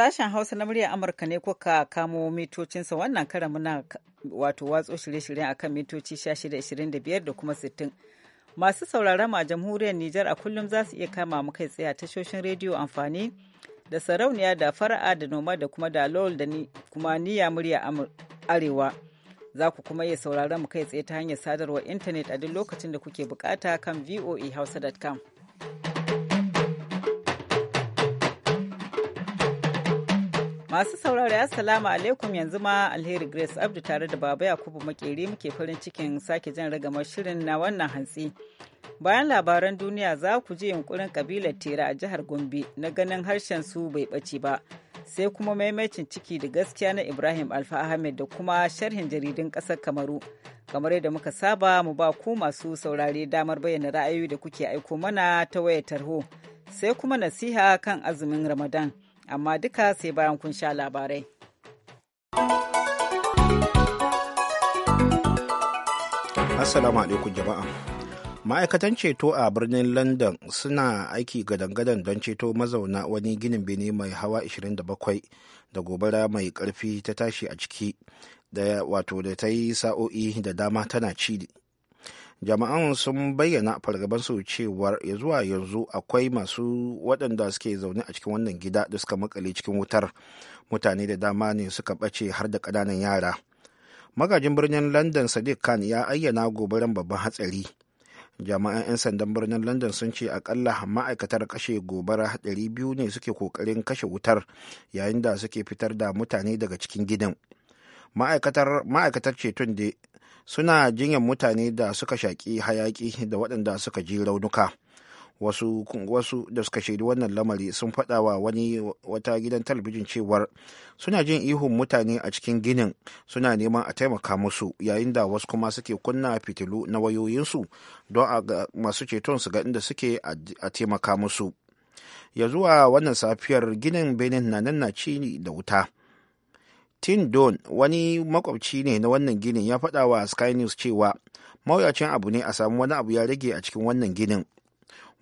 Sashen Hausa na muryar Amurka ne kuka kamo mitocinsa wannan karan muna wato watso shirye-shiryen akan mitoci 1625 da kuma 60. Masu sauraron ma jamhuriyar Nijar a kullum za su iya kama mu kai tsaye a tashoshin rediyo amfani da sarauniya da fara'a da noma da kuma da lol da kuma niya murya arewa. Za ku kuma iya sauraron mu kai tsaye ta hanyar sadarwar intanet a duk lokacin da kuke bukata kan voahausa.com. Masu saurari Assalamu alaikum yanzu ma Alheri Grace Abdu tare da Baba Yakubu Makeri muke farin cikin sake jan ragamar shirin na wannan hantsi. Bayan labaran duniya za ku je yunkurin kabilar tera a jihar Gombe na ganin harshen su bai ɓace ba. Sai kuma maimacin ciki da gaskiya na Ibrahim Alfa Ahmed da kuma sharhin jaridun ƙasar Kamaru. Kamar yadda muka saba mu ba ku masu saurare damar bayyana ra'ayoyi da kuke aiko mana ta wayar tarho. Sai kuma nasiha kan azumin Ramadan. amma duka sai bayan kun sha labarai. Assalamu alaikum jama'a. Ma'aikatan ceto a birnin London suna aiki gadan-gadan don ceto mazauna wani ginin bene mai hawa 27 da gobara mai karfi ta tashi a ciki da wato da ta yi sa'o'i da dama tana ci jama'an sun bayyana fargabansu cewar ya zuwa yanzu akwai masu waɗanda suke zaune a cikin wannan gida da suka makale cikin wutar mutane da dama ne suka ɓace har da ƙananan yara magajin birnin london sadiq khan ya ayyana gobaran babban hatsari jama'an 'yan sandan birnin london sun ce akalla ma'aikatar kashe gobara 200 ne suke kokarin kashe wutar yayin da suke fitar da mutane daga cikin gidan ma'aikatar ceton da suna jinyar mutane da suka shaki hayaƙi da waɗanda suka ji raunuka wasu, wasu da suka shaidi wannan lamari sun faɗa wa wani wata gidan talabijin cewar suna jin ihun mutane a cikin ginin suna neman a taimaka musu yayin da wasu kuma suke kunna fitilu na wayoyinsu don a ga masu ceton su ga inda suke a taimaka musu ya zuwa wannan safiyar ginin benin na nan na ci da wuta Tin Don wani makwabci ne na wannan ginin ya faɗa wa Sky News cewa mawuyacin abu ne a samu wani abu ya rage a cikin wannan ginin.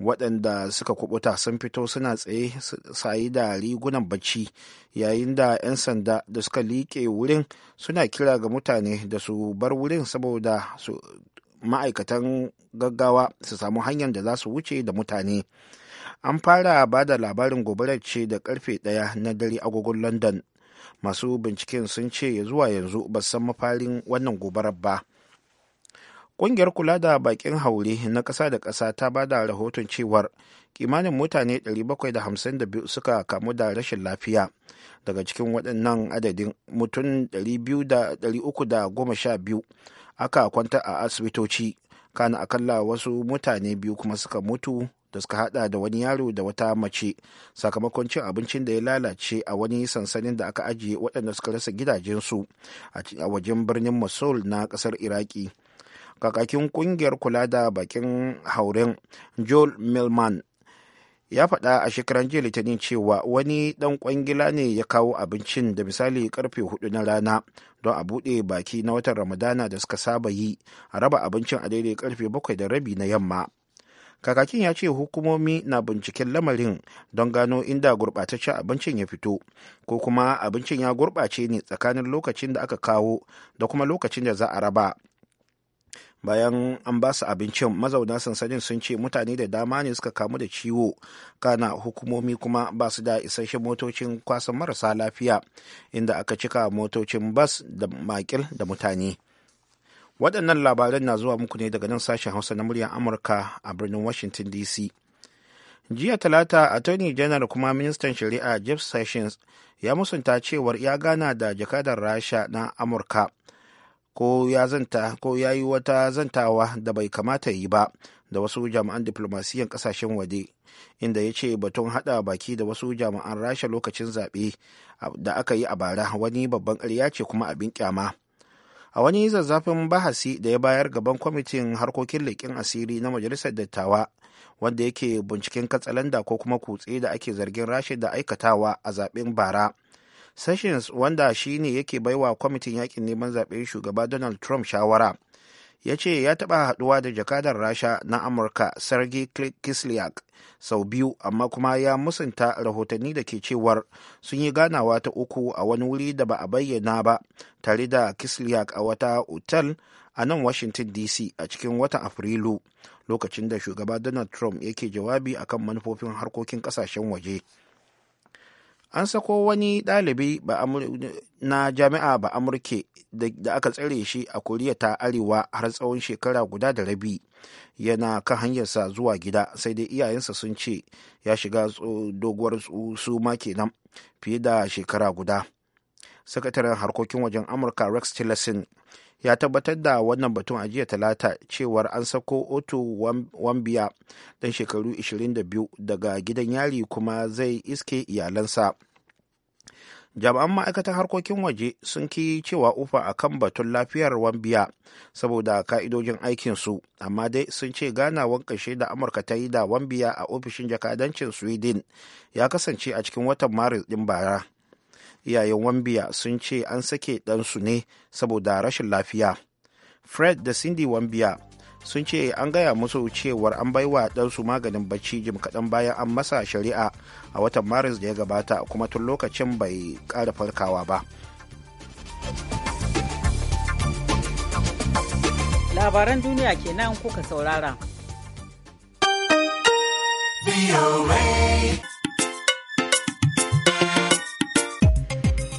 Waɗanda suka kubuta sun fito suna tsaye sayi da rigunan bacci yayin da 'yan sanda da suka liƙe wurin suna kira ga mutane da su bar wurin saboda su ma'aikatan gaggawa su samu hanyar da za su wuce da mutane. An fara ba da labarin gobarar ce da karfe ɗaya na dare agogon London. masu binciken sun ce ya zuwa yanzu ba san mafarin wannan gobarar ba ƙungiyar kula da bakin haure na ƙasa da ƙasa ta ba da rahoton cewar kimanin mutane 752 suka kamu da rashin lafiya daga cikin waɗannan adadin mutum 312 aka kwanta a asibitoci kana akalla wasu mutane biyu kuma suka mutu da suka hada da wani yaro da wata mace sakamakon cin abincin da ya lalace a wani sansanin da aka ajiye waɗanda suka rasa gidajensu a wajen birnin mosul na ƙasar iraki kakakin ƙungiyar kula da bakin hauren joel milman ya faɗa a shekaran jiya litinin cewa wani ɗan kwangila ne ya kawo abincin da misali karfe hudu na rana don a buɗe baki na watan ramadana da suka saba yi a raba abincin a daidai karfe bakwai da rabi na yamma kakakin ya ce hukumomi na binciken lamarin don gano inda gurɓataccen abincin ya fito ko kuma abincin ya gurɓace ne tsakanin lokacin da aka kawo da kuma lokacin da za a raba bayan an ba su abincin mazauna sansanin sun ce mutane da dama ne suka kamu da ciwo kana hukumomi kuma ba su da isasshen motocin kwasan marasa lafiya inda aka cika motocin bas da makil da mutane waɗannan labaran na zuwa muku ne daga nan sashen hausa na muryar amurka a birnin washington dc jiya talata attorney general kuma ministan shari'a jeff sessions ya musunta cewar ya gana da jakadar rasha na amurka ko ya zanta ko ya yi wata zantawa da bai kamata yi ba da wasu jami'an diplomasiyan kasashen waje inda ya ce batun hada baki da wasu jami'an rasha lokacin zaɓe da aka yi a bara wani babban ƙarya ce kuma abin kyama. a wani zazzafin bahasi da ya bayar gaban kwamitin harkokin leƙin asiri na majalisar dattawa wanda yake binciken katsalanda ko kuma kutse da ake zargin rashi da aikatawa a zaɓen bara sessions wanda shi ne yake baiwa kwamitin yakin neman zaɓen shugaba donald trump shawara ya ce ya taɓa haɗuwa da jakadar rasha na amurka sergei kislyak sau biyu amma kuma ya musanta rahotanni da ke cewar sun yi ganawa ta uku a wani wuri da ba a bayyana ba tare da kislyak a wata otal a nan washington dc a cikin watan afrilu lokacin da shugaba donald trump yake jawabi akan manufofin harkokin kasashen waje. an sako wani ɗalibi na jami'a ba amurke da aka tsare shi a koriya ta arewa har tsawon shekara guda da rabi yana kan hanyarsa zuwa gida sai dai iyayensa sun ce ya shiga doguwar suma kenan fiye da shekara guda sakataren harkokin wajen amurka rex tillerson ya tabbatar da wannan batun a jiya talata cewar an sako otu wambiya dan shekaru 22 daga gidan yari kuma zai iske iyalansa jami'an ma'aikatan harkokin waje sun ki cewa ufa a kan batun lafiyar wambiya saboda ka'idojin aikinsu amma dai sun ce ganawar ƙarshe da amurka ta yi da wambiya a ofishin jakadancin sweden ya kasance a cikin watan maris ɗin bara iyayen wambiya sun ce an sake ɗansu ne saboda rashin lafiya fred da cindy wambiya sun ce an gaya musu cewar an baiwa ɗansu maganin bacci jim kaɗan bayan an masa shari'a a watan maris da ya gabata kuma tun lokacin bai ƙara farkawa ba labaran duniya kenan kuka saurara.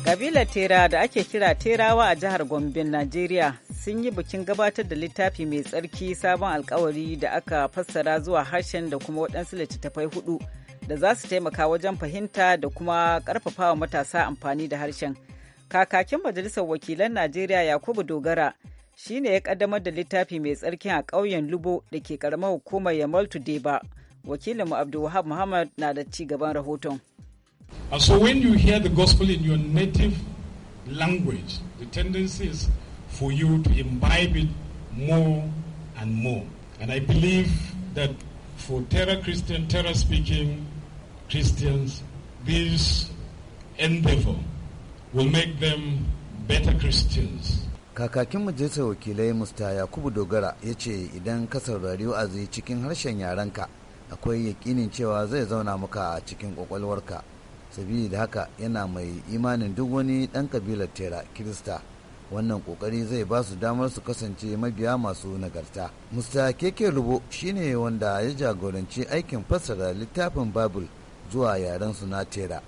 Kabilar Tera da ake kira Terawa a jihar Gombe, Najeriya sun yi bikin gabatar da littafi mai tsarki sabon alkawari da aka fassara zuwa harshen da kuma waɗansu littattafai hudu da za su taimaka wajen fahimta da kuma ƙarfafawa matasa amfani da harshen. Kakakin Majalisar Wakilan Najeriya Yakubu Dogara shi ne ya ƙaddamar da littafi mai tsarki a ƙauyen Lubo da ke ƙaramar hukumar Yamal Tudeba. Wakilinmu Abdulwahab Muhammad na da ci gaban rahoton. And uh, so when you hear the gospel in your native language, the tendency is for you to imbibe it more and more. And I believe that for Terra Christian, Terra speaking Christians, this endeavor will make them better Christians. Kakakin majalisar wakilai Musta Yakubu Dogara ya ce idan ka saurari wa'azi cikin harshen yarenka akwai yakinin cewa zai zauna maka a cikin kwakwalwarka. sabili da haka yana mai imanin duk wani ɗan kabilar tera kirista wannan ƙoƙari zai ba su damar su kasance mabiya masu nagarta musta keke rubo shine wanda ya jagoranci aikin fassara littafin babul zuwa yaren su na tera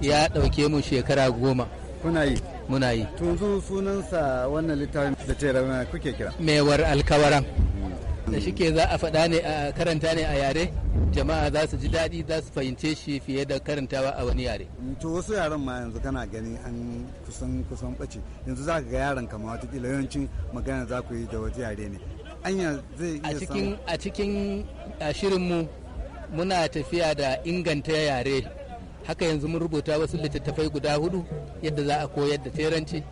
ya ɗauke mu shekara goma kuna yi muna yi tunzu sunansa wannan littafin da tera kuke kira mewar alkawaran da shi ke za a faɗa ne a karanta ne a yare jama'a za su ji daɗi za su fahimce shi fiye da karantawa a wani yare. to wasu yaran ma yanzu kana gani an kusan kusan ɓace yanzu za ka ga yaran kama watakila yawancin magana za ku yi da wata yare ne anya zai iya samu a cikin a cikin shirinmu muna tafiya da inganta yare haka yanzu mun rubuta wasu littattafai guda hudu yadda za a koyar da teranci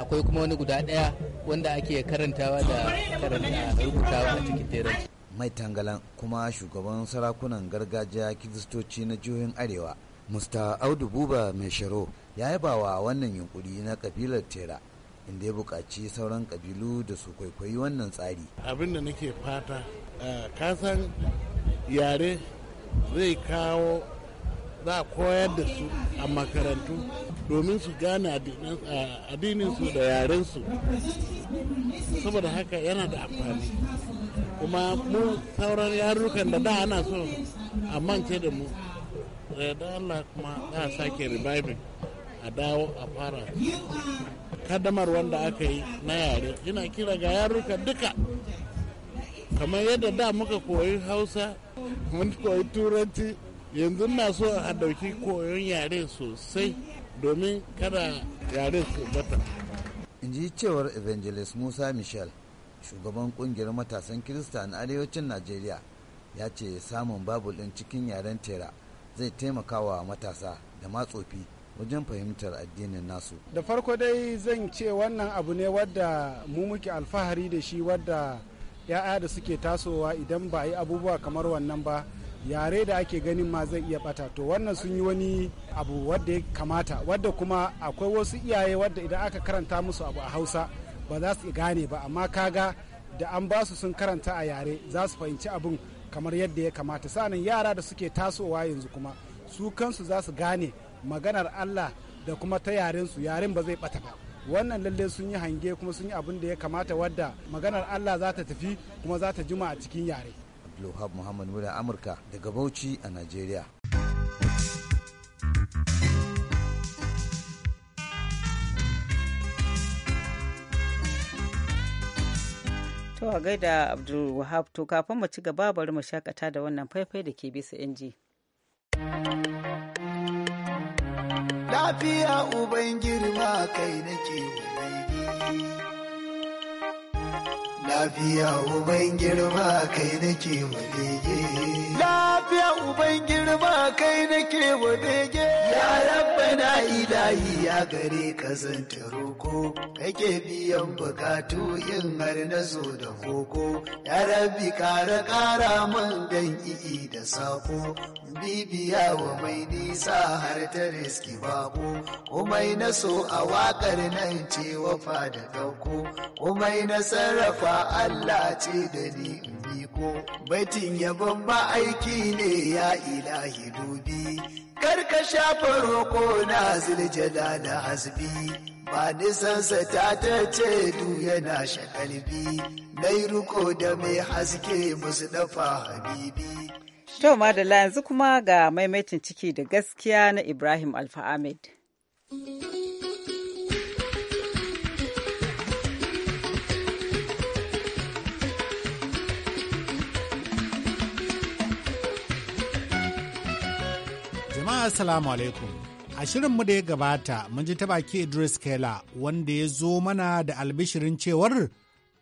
akwai kuma wani guda ɗaya wanda ake karantawa da karanta rubutawa a cikin teranci mai tangalan kuma shugaban sarakunan gargajiya kiristoci na jihohin arewa musta audu buba mai sharo ya yaba wa wannan yunkuri na kabilar tera inda ya buƙaci sauran kabilu da su kwaikwayi wannan tsari abin da nake fata eh, kasan yare zai kawo za a koyar da su a makarantu domin su gane addininsu da yarensu saboda haka yana da amfani kuma mu sauran yarukan da da ana so a mance da mu da Allah kuma za a sake reviving a dawo a fara kadamar wanda aka yi na yare ina kira ga yaruka duka kamar yadda da muka koyi hausa mun koyi turanci yanzu na so a ɗauki koyon yare sosai domin kada yare su bata in ji cewar evangelist musa michel shugaban kungiyar matasan kirista na arewacin najeriya ya ce samun babu ɗin cikin yaren tera zai taimaka wa matasa da matsofi wajen fahimtar addinin nasu da farko dai zan ce wannan abu ne wadda mu muke alfahari da shi wadda ya'ya da suke tasowa idan ba yi abubuwa kamar wannan ba yare da ake ganin ma zai iya bata to wannan sun yi wani abu wadda ya kamata wadda kuma akwai wasu iyaye wadda idan aka karanta musu abu a hausa ba za su gane ba amma kaga da an ba su sun karanta a yare za su fahimci abin kamar yadda ya kamata sanan yara da suke tasowa yanzu kuma su kansu za su gane maganar allah da kuma ta yaren su yaren ba zai bata ba wannan lalle sun yi hange kuma sun yi abin da ya kamata wadda maganar allah za ta tafi kuma za ta juma a cikin yare Abdulwahab Muhammad Mura Amurka daga Bauchi a Najeriya. To a gaida Abdulwahab to kafin mu ci gaba bari mu shakata da wannan faifai da ke bisa inji. Lafiya uban kai nake lafiya uban girma kai nake walege. uban girma kai nake wa bege ya rabbana ilahi ya gare ka zanta roko kake biyan bukatu yin har na zo da koko ya rabbi kara kara man dan i'i da sako bibiya wa mai nisa har ta riski bako komai na so a wakar nan ce wafa da dauko komai na sarrafa Allah ce da ni in biko batin yabon ba aiki ne ya ilahi dubi kar shafa roko na ziljada da hasbi ba nisansa ta ta ce du yana shakalbi mai ruko da mai haske musu dafa habibi To madalla yanzu kuma ga maimaitin ciki da gaskiya na Ibrahim Alfa Ahmed. assalamu alaikum a shirinmu da ya gabata mun ji ta baki idris kela wanda ya zo mana da albishirin cewar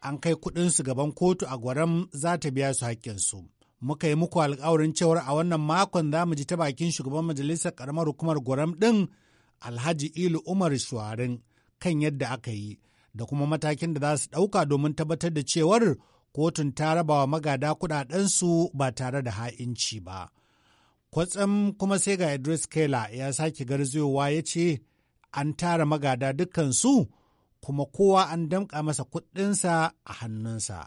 an kai kudinsu gaban kotu a gwaram za ta biya su haƙƙinsu muka yi muku alƙawarin cewar a wannan makon za mu ji ta bakin shugaban majalisar karamar hukumar gwaram ɗin alhaji ilu umar shuwarin kan yadda aka yi da kuma matakin da za su ɗauka domin tabbatar da cewar kotun ta rabawa magada kuɗaɗensu ba tare da ha'inci ba. Kwatsam kuma sai ga Idris Kela ya sake garzayowa ya ce an tara magada dukkansu kuma kowa an damƙa masa kuɗinsa a hannunsa.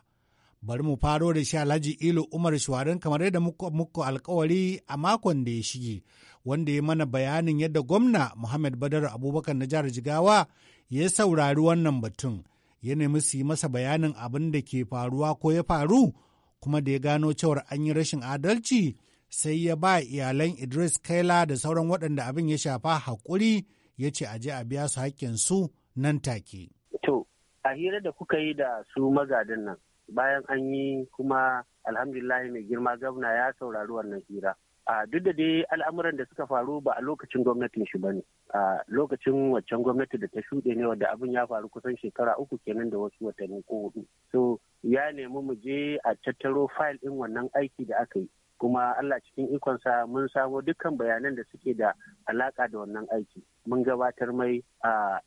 Bari mu faro da shi Alhaji Ilu Umar Shuwarin kamar yadda muku alkawari a makon da ya shige, wanda ya mana bayanin yadda gwamna Muhammad Badar Abubakar na jihar Jigawa ya saurari wannan batun, ya nemi su yi masa bayanin abin da ke faruwa ko ya faru, kuma da ya gano cewar an yi rashin adalci. sai ya ba iyalan Idris Kaila da sauran waɗanda abin ya shafa haƙuri ya ce a je a biya su haƙƙinsu nan take. To, a hira da kuka yi da su magadin nan bayan an yi kuma alhamdulillah mai girma gwamna ya saurari wannan hira. A duk da dai al'amuran da suka faru ba a lokacin gwamnatin shi ba ne. A lokacin waccan gwamnati da ta shuɗe ne wadda abin ya faru kusan shekara uku kenan da wasu watanni ko hudu. So ya nemi mu je a tattaro fayil ɗin wannan aiki da aka yi. kuma Allah cikin ikonsa mun samo dukkan bayanan da suke da alaka da wannan aiki mun gabatar mai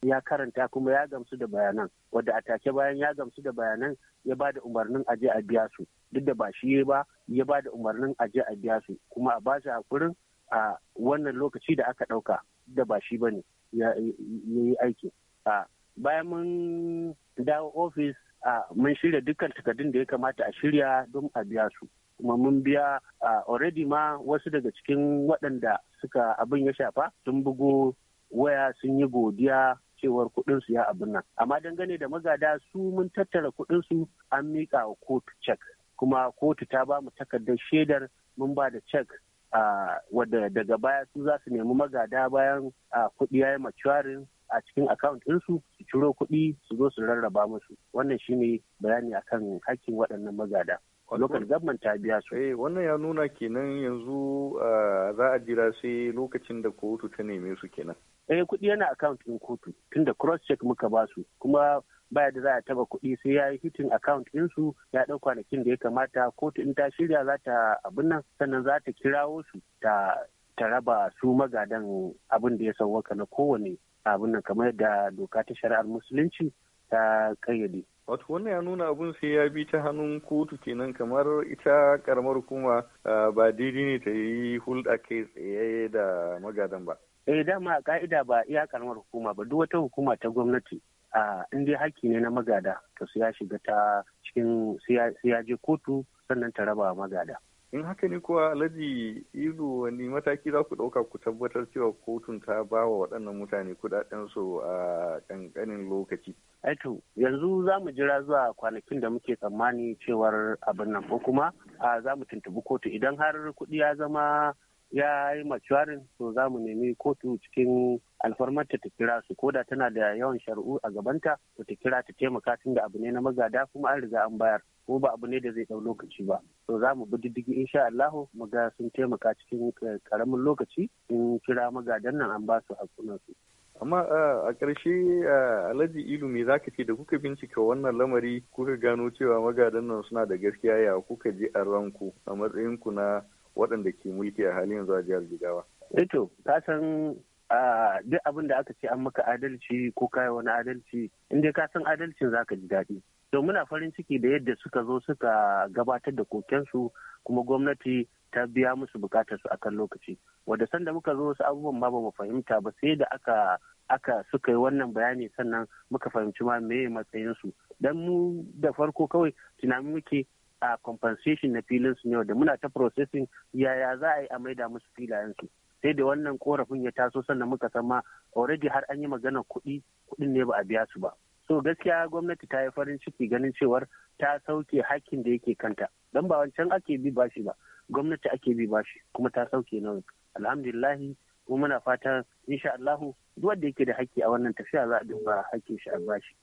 ya karanta kuma ya gamsu da bayanan wadda a take bayan ya gamsu da bayanan ya ba da umarnin aje a biya su duk da ba shi ba ya ba da umarnin aje a biya su kuma a ba shi hakurin a wannan lokaci da aka ɗauka da ba shi ba ne ya yi aiki bayan mun dawo ofis mun shirya dukkan takardun da ya kamata a shirya don a biya su kuma mun biya already ma wasu daga cikin waɗanda suka abin ya shafa sun bugu waya sun yi godiya cewar kuɗinsu ya abin nan amma dangane da magada su mun tattara kuɗinsu an miƙa wa kotu cek kuma kotu ta ba mu takardar shaidar mun ba da cek wadda daga baya su za su nemi magada bayan kuɗi ya yi maturing a cikin account ɗinsu su ciro kuɗi su zo su rarraba musu wannan shine bayani akan hakkin waɗannan magada lokacin government ta biya su. Eh wannan ya nuna kenan yanzu za a jira sai lokacin da kotu ta neme su kenan. Eh kuɗi yana account ɗin kotu tunda cross check muka ba su kuma baya da za a taba kuɗi sai ya yi hitin account su ya ɗau kwanakin da ya kamata kotu in ta shirya za ta abin nan sannan za ta kirawo su ta ta raba su magadan abin da ya sauwaka na kowane abin nan kamar da doka ta shari'ar musulunci ta kayyade. wato wannan ya nuna abun sai ya bi ta hannun kotu kenan kamar ita karamar hukuma ba daidai ne ta yi hulɗa kai tsaye da magadan ba eh dama ka'ida ba iya karamar hukuma ba duk wata hukuma ta gwamnati a inda haƙƙi ne na magada to su ya shiga ta cikin su je kotu sannan ta raba magada in haka ne kuwa alhaji ido wani mataki za ku ɗauka ku tabbatar cewa kotun ta ba wa waɗannan mutane su a ƙanƙanin lokaci aito yanzu za mu jira zuwa kwanakin da muke tsammani cewar abin nan ko kuma za mu tuntubi kotu idan har kuɗi ya zama ya yi matuwarin to za mu nemi kotu cikin alfarmar ta kira su koda tana da yawan shari'u a gabanta to ta kira ta taimaka tun da abu ne na magada kuma an riga an bayar ko ba abu ne da zai dau lokaci ba to za mu bi diddigi insha Allah mu ga sun taimaka cikin karamin eh, lokaci in kira magadan nan an ba su hakuna su amma eh, a ƙarshe eh, alhaji ilu me zaka ce da kuka bincika wannan lamari kuka gano cewa magadan nan suna da gaskiya ya kuka je a ranku a matsayin ku na waɗanda ke mulki a halin yanzu a jihar jigawa. Eto, ka san a duk abin da aka ce an maka adalci ko kai wani adalci in dai ka san adalcin zaka ji daɗi to muna farin ciki da yadda suka zo suka gabatar da kokensu kuma gwamnati ta biya musu bukatar su akan lokaci wanda sanda muka zo su abubuwan ma ba mu fahimta ba sai da aka aka suka yi wannan bayani sannan muka fahimci ma meye matsayin su dan mu da farko kawai tunanin muke a compensation na filin su ne da muna ta processing yaya za a yi a maida musu filayen su sai da wannan korafin ya taso sannan muka san ma already har an yi magana kuɗi kuɗin ne ba a biya su ba so gaskiya gwamnati ta yi farin ciki ganin cewar ta sauke hakkin da yake kanta dan ba wancan ake bi bashi ba gwamnati ake bi bashi kuma ta sauke nan alhamdulillahi kuma muna fatan insha Allahu duk wanda yake da hakki a wannan tafiya za a duba hakkin shi a bashi.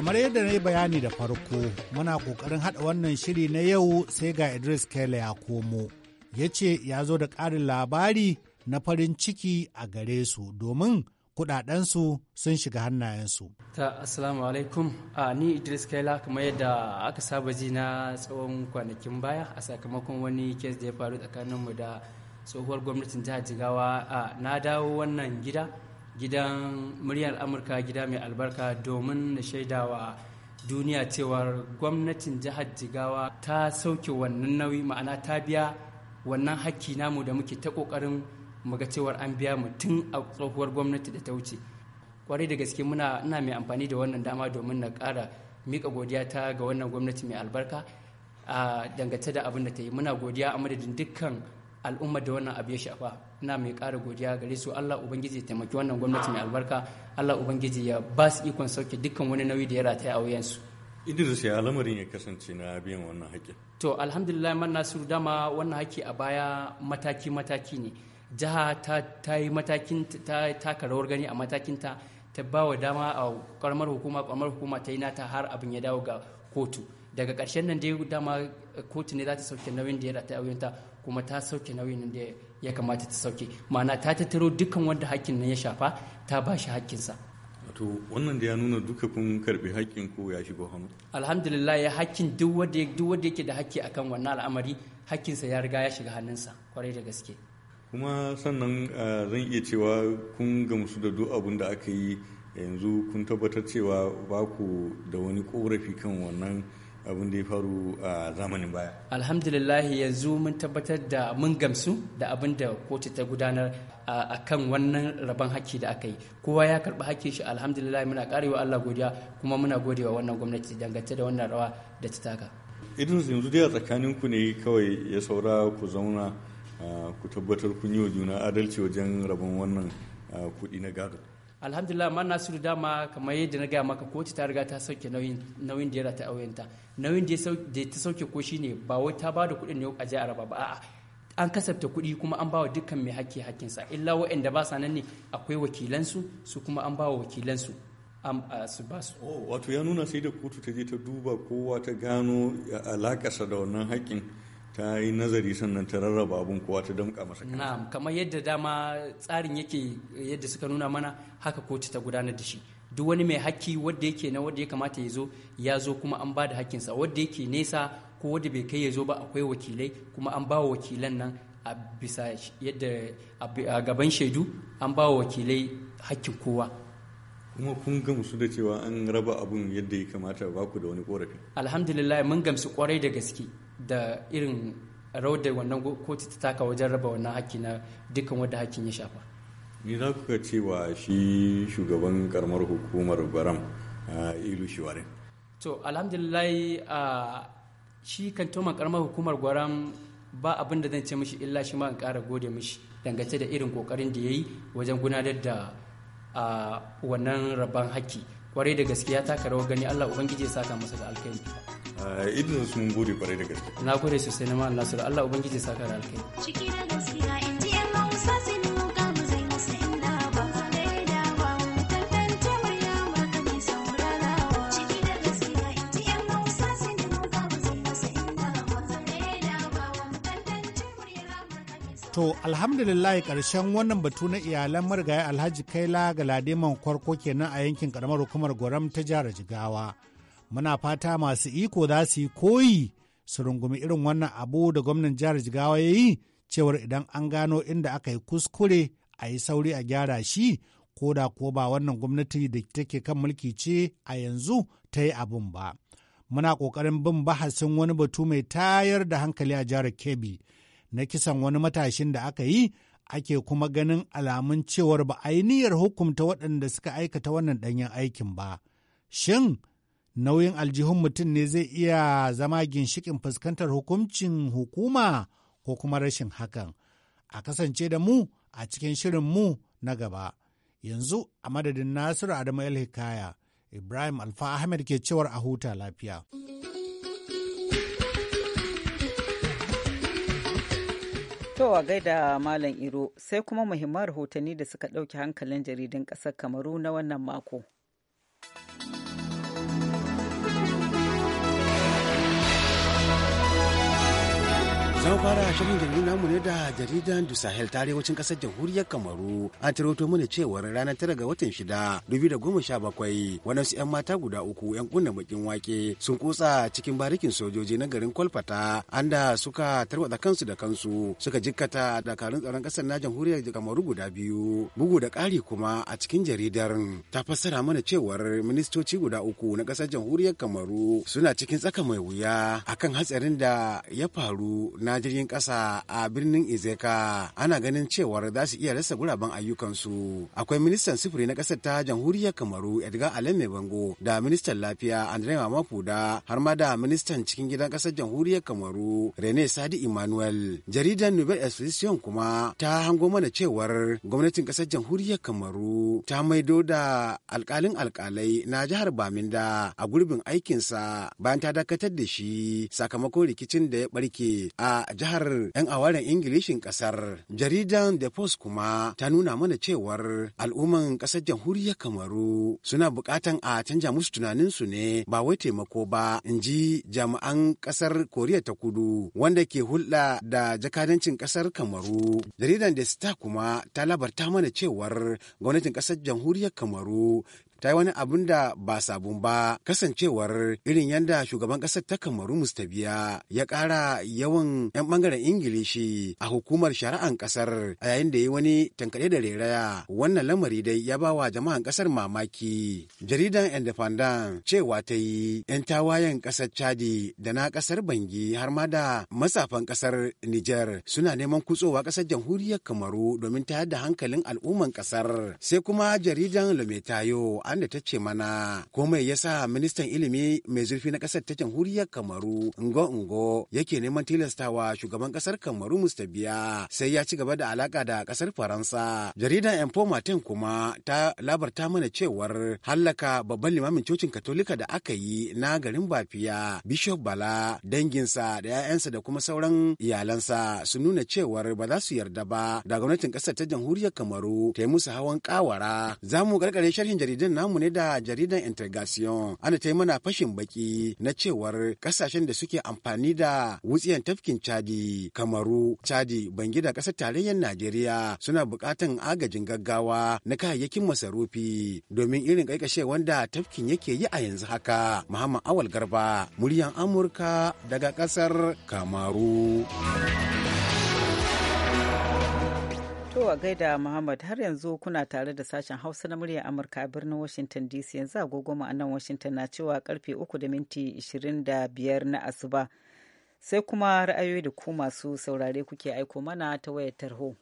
kamar yadda na yi bayani da farko muna kokarin haɗa wannan shiri na yau sai ga idris kela ya komo ya ce ya zo da ƙarin labari na farin ciki a gare su domin kudadensu sun shiga hannayensu. Ta assalamu alaikum a ni Idris Kaila kamar yadda aka saba ji na tsawon kwanakin baya a sakamakon wani kes da ya faru tsakaninmu da tsohuwar gwamnatin jihar Jigawa na dawo wannan gida gidan muryar amurka gida mai albarka domin na shaidawa duniya cewar gwamnatin jihar jigawa ta sauke wannan nauyi ma'ana ta biya wannan hakki namu da muke ta kokarin muga cewar an biya mu tun a tsohuwar gwamnati da ta wuce kwarai da gaske muna ina mai amfani da wannan dama domin na ƙara mika godiya ta ga wannan gwamnati mai albarka a dangace da abin da ta yi muna godiya a madadin dukkan Al'umma da wannan abu ya shafa na mai ƙara godiya gare su Allah ubangiji ya taimaki wannan gwamnati mai albarka Allah ubangiji ya ba su ikon sauke dukkan wani nauyi da ya rata a wuyansu Idris ya lamarin ya kasance na biyan wannan haƙƙi to alhamdulillah man nasiru dama wannan haƙƙi a baya mataki mataki ne jiha ta yi matakin ta ta rawar gani a matakin ta ta ba wa dama a karamar hukuma karamar hukuma ta yi nata har abin ya dawo ga kotu daga ƙarshen nan dai dama kotu ne za ta sauke nauyin da ya rata a wuyanta kuma ta sauke nauyin da ya kamata ta sauke ma'ana ta tattaro dukkan wanda hakkin nan ya shafa ta ba shi hakkinsa wato wannan da ya nuna duka kun karbi hakkin ko ya shigo hannu alhamdulillah ya hakkin duk wanda duk wanda yake da hakki akan wannan al'amari hakkinsa ya riga ya shiga hannunsa kwarai da gaske kuma sannan zan iya cewa kun gamsu da duk abun da aka yi yanzu kun tabbatar cewa ba ku da wani korafi kan wannan abin da ya faru a zamanin baya alhamdulillah yanzu mun tabbatar da mun gamsu da abin da kotu ta gudanar a kan wannan rabon haƙƙi da aka yi kowa ya karɓi haƙƙin shi alhamdulillah muna ƙarewa allah godiya kuma muna godewa wannan gwamnati dangance da wannan rawa da ta taka idris yanzu dai a tsakanin ku ne kawai ya saura ku zauna ku tabbatar kun yi wa juna adalci wajen rabon wannan kuɗi na gado alhamdulillah ma nasiru dama kamar yadda na gaya maka kotu ta riga ta sauke nauyin da ya ta auyenta nauyin da ta sauke ko shine ba wai ta ba da kuɗin ne a je a ba a'a an kasafta kuɗi kuma an bawa dukkan mai haƙƙi-haƙƙinsa illa wa'anda ba sa nan ne akwai wakilansu su kuma an bawa wakilansu a su ba su. Oh, wato ya nuna sai da kotu ta je ta duba kowa ta gano alakarsa da wannan haƙƙin ta yi nazari sannan ta rarraba abun kowa ta damƙa masa kansa na'am kamar yadda dama tsarin yake yadda suka nuna mana haka kotu ta gudanar da shi duk wani mai haƙƙi wanda yake na wanda ya kamata ya zo ya zo kuma an ba da haƙƙinsa wanda yake nesa ko wanda bai kai ya zo ba akwai wakilai kuma an ba wa wakilan nan a bisa yadda a gaban shaidu an ba wa wakilai haƙƙin kowa kuma kun gamsu da cewa an raba abun yadda ya kamata ba ku da wani korafi alhamdulillah mun gamsu kwarai da gaske da irin rawar da wannan kotu ta taka wajen raba wannan haƙƙi na dukkan wanda haƙƙin ya shafa ni za ku cewa shi shugaban karamar hukumar baram ilu shiwarin to alhamdulillah shi kan toma karamar hukumar gwaram ba abin da zan ce mishi illa shi ma in ƙara gode mishi dangance da irin kokarin da ya yi wajen gudanar da wannan rabon haƙƙi kwarai da gaskiya taka rawar gani allah ubangiji ya saka masa da alkhairi Eh, idris mun gode kwarai da gaske na gode sosai na ma'an nasiru allah ubangiji sa da alkai ciki da gaskiya to alhamdulillah ƙarshen wannan batu na iyalan marigayi alhaji kaila galadiman kwarko kenan a yankin ƙaramar hukumar goram ta jihar jigawa muna fata masu iko za su yi koyi su rungumi irin wannan abu da gwamnan jihar jigawa ya yi cewar idan an gano inda aka yi kuskure a yi sauri a gyara shi ko da ko ba wannan gwamnati da take kan mulki ce a yanzu ta yi abun ba muna ƙoƙarin bin bahasin wani batu mai tayar da hankali a jihar kebbi na kisan wani matashin da aka yi ake kuma ganin alamun cewar ba a yi niyyar hukumta waɗanda suka aikata wannan ɗanyen aikin ba. Shin nauyin aljihun mutum ne zai iya zama ginshikin fuskantar hukuncin hukuma ko kuma rashin hakan. A kasance da mu a cikin shirin mu na gaba. Yanzu a madadin Nasiru Adamu El Hikaya, Ibrahim Alfa Ahmed ke cewar a huta lafiya. To a gaida Malam Iro sai kuma muhimman rahotanni da suka ɗauki hankalin jaridun ƙasar Kamaru na wannan mako. Zan fara shirin jirgin namu ne da jaridan Du Sahel ta arewacin kasar jamhuriyar Kamaru. An tarauto mana cewar ranar tara ga watan shida, dubi da goma sha bakwai, waɗansu 'yan mata guda uku 'yan kunna bakin wake sun kutsa cikin barikin sojoji na garin Kwalfata, anda suka tarwatsa kansu da kansu, suka jikkata dakarun tsaron kasar na jamhuriyar Kamaru guda biyu. Bugu da kari kuma a cikin jaridar ta fassara mana cewar ministoci guda uku na kasar jamhuriyar Kamaru suna cikin tsaka mai wuya akan hatsarin da ya faru na na jirgin ƙasa a birnin Izeka ana ganin cewar za su iya rasa guraben ayyukansu. Akwai ministan sufuri na ƙasar ta jamhuriyar Kamaru Edgar Aleme Bango da ministan lafiya Andre da har ma da ministan cikin gidan ƙasar jamhuriyar Kamaru Rene Sadi Emmanuel. Jaridar Nobel Association kuma ta hango mana cewar gwamnatin ƙasar jamhuriyar Kamaru ta maido da alkalin alƙalai na jihar Baminda a gurbin aikinsa bayan ta dakatar da shi sakamakon rikicin da ya barke a jihar 'yan awaren Ingilishin kasar. Jaridan The Post kuma ta nuna mana cewar al'umman kasar jamhuriyar Kamaru suna bukatan a canja musu tunaninsu ne ba wai taimako ba, in ji jami'an kasar Koriya ta Kudu wanda ke hulɗa da jakadancin kasar Kamaru. Jaridan The Star kuma ta labarta mana cewar gwamnatin kasar jamhuriyar Kamaru ta yi wani abin da ba sabon ba kasancewar irin yadda shugaban ƙasar ta kamaru mustabiya ya ƙara yawan 'yan ɓangaren ingilishi a hukumar shari'an ƙasar a yayin da ya yi wani tankaɗe da reraya wannan lamari dai ya ba wa jama'an ƙasar mamaki jaridan independent cewa ta yi 'yan tawayen ƙasar chadi da na ƙasar bangi har ma da masafan ƙasar niger suna neman kutsowa ƙasar jamhuriyar kamaru domin tayar da hankalin al'umman ƙasar sai kuma jaridan lometayo an da ta ce mana komai ya sa ministan ilimi mai zurfi na ƙasar ta jamhuriyar Kamaru Ngo Ngo yake neman tilastawa shugaban ƙasar Kamaru biya sai ya ci gaba da alaka da ƙasar Faransa. jaridar Info Martin kuma ta labarta mana cewar hallaka babban limamin cocin Katolika da aka yi na garin Bafiya Bishop Bala danginsa da 'ya'yansa da kuma sauran iyalansa su nuna cewar ba za su yarda ba da gwamnatin ƙasar ta jamhuriyar Kamaru ta yi musu hawan kawara. Za mu karkare sharhin jaridan namu ne da jaridan Intergasion. Ana ta yi mana fashin baki na cewar kasashen da suke amfani da wutsiyan tafkin Chadi, Kamaru, Chadi, Bangi da ƙasar tarayyar Najeriya suna buƙatan agajin gaggawa na kayayyakin masarufi domin irin ƙaiƙashe wanda tafkin yake yi a yanzu haka. Muhammad Awal Garba, muryan Amurka daga ƙasar Kamaru. To a gaida Muhammad har yanzu kuna tare da sashen Hausa na murya Amurka a birnin Washington DC yanzu agogo a nan Washington na cewa karfe 3 da minti 25 na asuba. Sai kuma ra'ayoyi da ku masu saurare kuke aiko mana ta wayar tarho.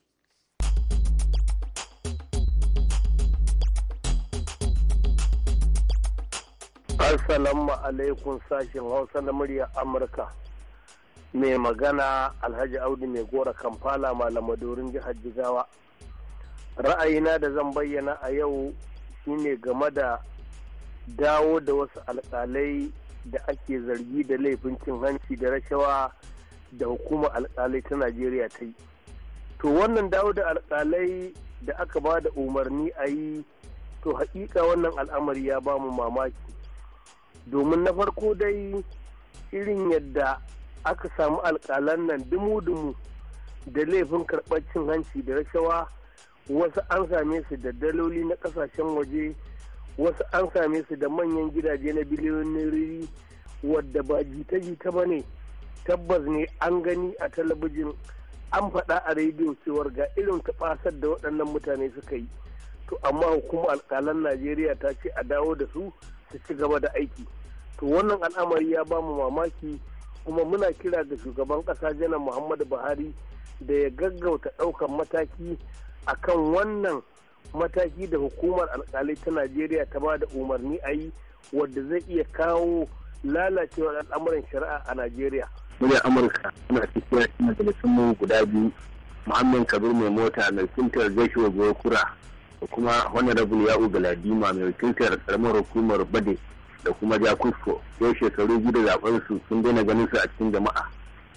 Assalamu alaikum sashen Hausa na murya Amurka. mai magana alhaji audu mai gora kamfala malamadorin jihar jigawa ra'ayina da zan bayyana a yau shine game da dawo da wasu alkalai da ake zargi da laifin cin hanci da rashawa da hukuma alkalai ta najeriya ta yi to wannan dawo da alkalai da aka ba da umarni a yi to hakika wannan al'amari ya ba mu mamaki domin na farko dai irin yadda aka samu alƙalan nan dumu-dumu da laifin karɓar cin hanci da rashawa wasu an same su da daloli na ƙasashen waje wasu an same su da manyan gidaje na riri wadda ba jita-jita ba ne tabbas ne an gani a talabijin an faɗa a rediyo cewar ga irin taɓasar da waɗannan mutane suka yi to amma hukumar alƙalan najeriya ta ce a dawo da su su ci gaba da aiki to wannan al'amari ya ba mu mamaki kuma muna kira ga shugaban kasa janar muhammadu buhari da ya gaggauta ɗaukan mataki a kan wannan mataki da hukumar alkalai ta najeriya ta ba da umarni a yi wadda zai iya kawo lalacewar al'amuran shari'a a najeriya muryar amurka suna cikin majalisun mu guda biyu muhammed kabir mai mota mai kintar joshua gokura da kuma honorable ya'u galadima mai kintar karamar hukumar bade da kuma jakusko sai shekaru biyu da zaben su sun daina ganin su a cikin jama'a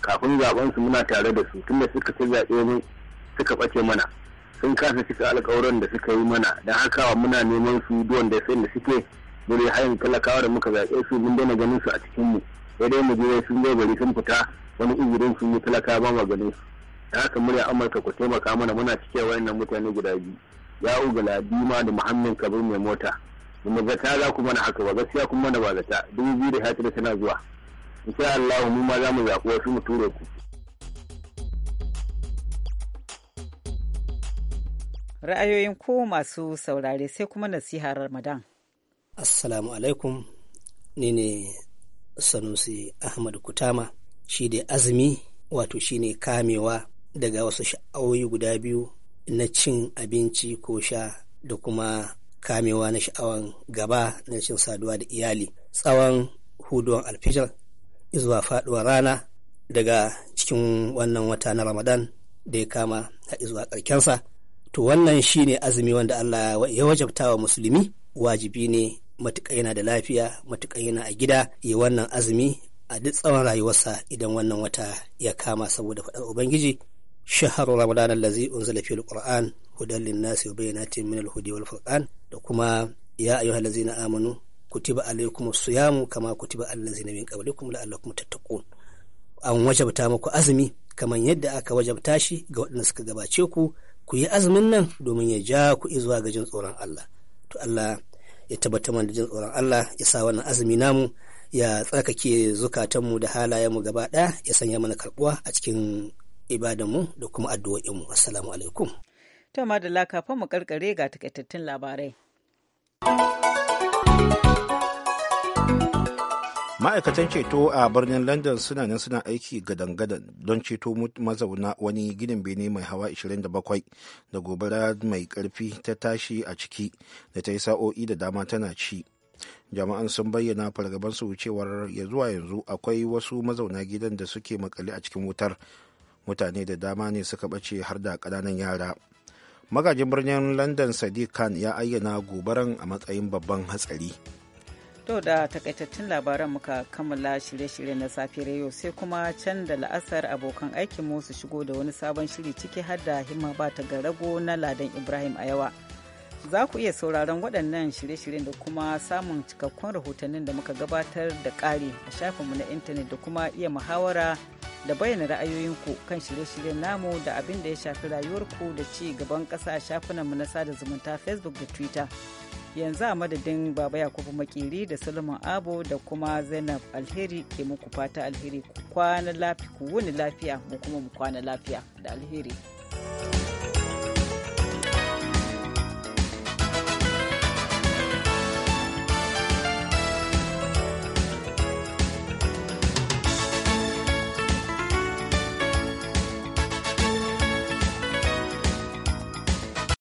kafin zaben su muna tare da su tunda suka ci zaɓe mu suka ɓace mana sun kasa cika alƙawuran da suka yi mana don haka muna neman su duwan da sai da suke muri hayan talakawa da muka zaɓe su mun daina ganin su a cikin mu sai dai mu je sun zai bari sun fita wani uzurin sun yi talakawa ba mu ganin su da haka murya amurka ku taimaka mana muna cike wayannan mutane guda biyu ya'u ugala bima da muhammin kabir mai mota kuma zata za ku mana haka ba gaskiya kuma mana ba zata dubu biyu da hatira tana zuwa insha allahu mu ma za mu zaɓi wasu mu ture ku. Ra'ayoyin ko masu saurare sai kuma nasiha Ramadan. Assalamu alaikum ni ne Sanusi Ahmad Kutama shi da azumi wato shi ne kamewa daga wasu sha'awoyi guda biyu na cin abinci ko sha da kuma kamewa na sha'awan gaba na rashin saduwa da iyali tsawon huduwan alfijar zuwa faduwar rana daga cikin wannan wata na ramadan da ya kama a zuwa karkensa to wannan shine azumi wanda allah ya wajabta wa musulmi wajibi ne matuƙa yana da lafiya matuƙa yana a gida ya wannan azumi a duk tsawon rayuwarsa idan wannan wata ya kama saboda faɗar ubangiji shaharu ramadan allazi unzila fil qur'an hudan linnasi wa bayyanatin min al-hudi wal furqan da kuma ya ayyuhal ladzina amanu kutiba alaykum siyamu kama kutiba allazina min qablikum la'allakum tattaqun an wajabta muku azumi kaman yadda aka wajabta shi ga waɗanda suka gabace ku ku yi azumin nan domin ya ja ku zuwa ga jin tsoron Allah to Allah ya tabbata mana jin tsoron Allah ya sa wannan azumi namu ya tsakake zukatanmu da halayenmu gaba ɗaya ya sanya mana karɓuwa a cikin ibadanmu da kuma addu'o'inmu assalamu alaikum ta madala kafin mu karkare ga takaitattun labarai ma'aikatan ceto a birnin london suna nan suna aiki gadan-gadan don ceto mazauna wani ginin bene mai hawa 27 da gobara mai karfi ta tashi a ciki da ta yi sa'o'i da dama tana ci jama'an sun bayyana fargabansu cewar ya zuwa yanzu akwai wasu mazauna gidan da suke makale a cikin wutar mutane da dama ne suka bace har da ƙananan yara magajin birnin london sadiq khan ya ayyana gobaran a matsayin babban hatsari to da takaitattun labaran muka kammala shirye-shirye na safiyar yau sai kuma can da la'asar abokan aikinmu su shigo da wani sabon shiri ciki har da himma ba ta rago na ladan ibrahim a yawa za ku iya sauraron waɗannan shirye-shiryen da kuma samun cikakkun rahotannin da muka gabatar da ƙari a shafinmu na intanet da kuma iya muhawara da bayyana ra'ayoyinku kan shirye-shiryen namu da abin da ya shafi rayuwarku da ci gaban ƙasa a shafinanmu na sada zumunta facebook da twitter yanzu a madadin baba yakubu makeri da salman abu da kuma zainab alheri ke muku fata alheri ku kwana lafiya ku wuni lafiya mu kuma mu kwana lafiya da alheri.